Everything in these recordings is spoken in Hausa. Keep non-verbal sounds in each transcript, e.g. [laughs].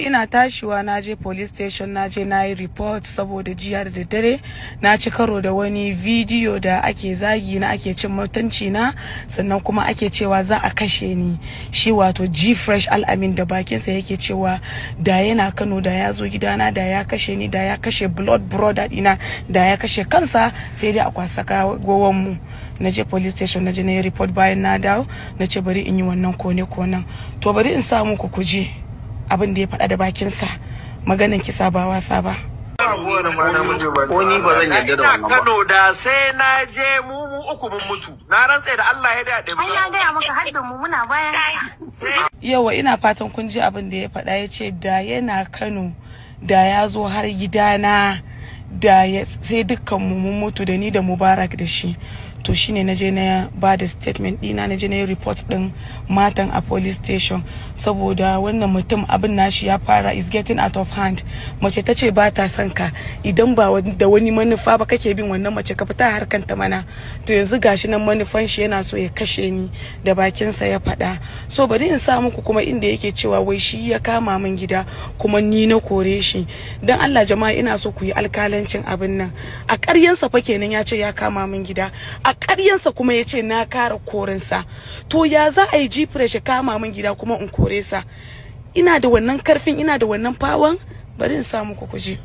ina tashiwa na je police station na je na yi report saboda jiya da daddare na ci karo da wani video da ake zagi na ake cin mutunci na sannan kuma ake cewa za a kashe ni shi wato g fresh al'amin da bakinsa yake cewa da yana kano da ya zo gidana da ya kashe ni da ya kashe blood brother dina da ya kashe kansa sai dai a kwasa gowan mu na je police station na je na yi report bayan na dawo na ce bari in yi wannan kone konen to bari in samu ku kuje abin da ya faɗa da bakinsa maganin kisa ba wasa ba. Oni ba zan yarda da wannan ba. Kano da sai na je mu mu uku mun mutu. Na rantse da Allah ya da ɗaya. Ai ya gaya maka har mu muna bayan. Yawa ina fatan kun ji abin da ya faɗa yace da yana Kano da ya zo har gidana da sai dukkan mu mun mutu da ni da Mubarak da shi. to shine na je na ba da statement dina na je na yi report din matan a police station saboda wannan mutum abin nashi ya fara is getting out of hand mace ta ce ba ta son ka idan ba da wani manufa ba kake bin wannan mace ka fita harkan ta mana to yanzu gashi nan manufan shi yana so ya kashe ni da bakinsa ya fada. so bari in sa muku kuma inda yake cewa wai shi ya kama min gida kuma ni na kore shi dan Allah jama'a ina so ku yi alkalancin abin nan a ƙaryansa fa kenan ya ce ya kama min gida a ƙaryansa kuma ya ce na kara korinsa to ya za a yi jifre shi kama min gida kuma in kore sa ina da wannan karfin ina da wannan fawon bari in samu ku kuji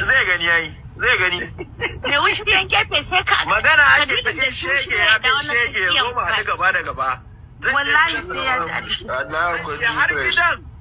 zai gani yayi zai gani me [laughs] wushi yan kefe sai ka magana ake ta shege ya bin shege zo ba da gaba da gaba wallahi sai ya ji Allah ku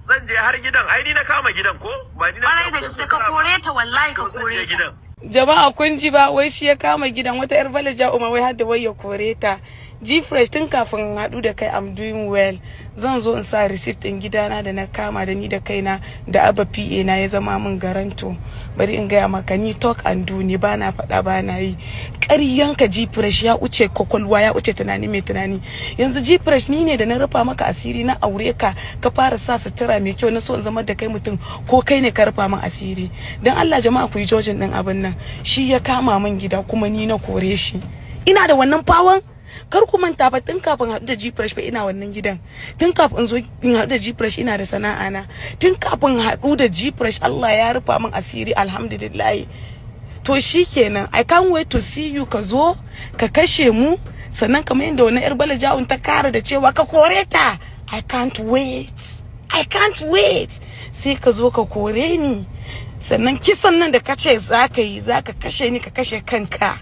zan je har gidan ai ni na kama gidan ko ba ni na kama gidan ka kore ta wallahi ka kore ta jama'a kun ji ba wai shi ya kama gidan wata yar balaja umar wai har wai ya kore ta g fresh tun kafin in haɗu da kai i'm doing well zan zo in sa receipt in gidana da na kama da ni da kaina da aba pa na ya zama min garanto bari in gaya maka ni talk and do ne bana faɗa bana yi ƙaryanka g fresh ya wuce kwakwalwa ya wuce tunani mai tunani yanzu g fresh ni ne da na rufa maka asiri na aure ka ka fara sa sutura mai kyau na so in zama da kai mutum ko kai ne ka rufa min asiri dan Allah jama'a ku yi jojin ɗin abin nan shi ya kama min gida kuma ni na kore shi ina da wannan fawon kar ku manta ba tun kafin haɗu da gfresh ba ina wannan gidan tun kafin zo in haɗu da gfresh ina da sana'a na tun kafin haɗu da gfresh Allah ya rufa min asiri alhamdulillah to shikenan i can't wait to see you ka zo ka kashe mu sannan kamar yadda wannan yar bala jawun ta kara da cewa ka kore ta i can't wait I can't wait sai ka zo ka kore ni sannan kisan nan da ka ce za ka yi za ka kashe ni ka kashe kanka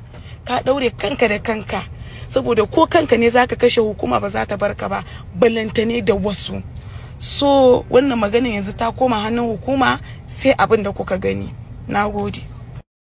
ka ɗaure kanka da kanka saboda ko kanka ne zaka kashe hukuma ba za ta barka ba balantane da wasu so wannan maganin yanzu ta koma hannun hukuma sai abin da kuka gani na gode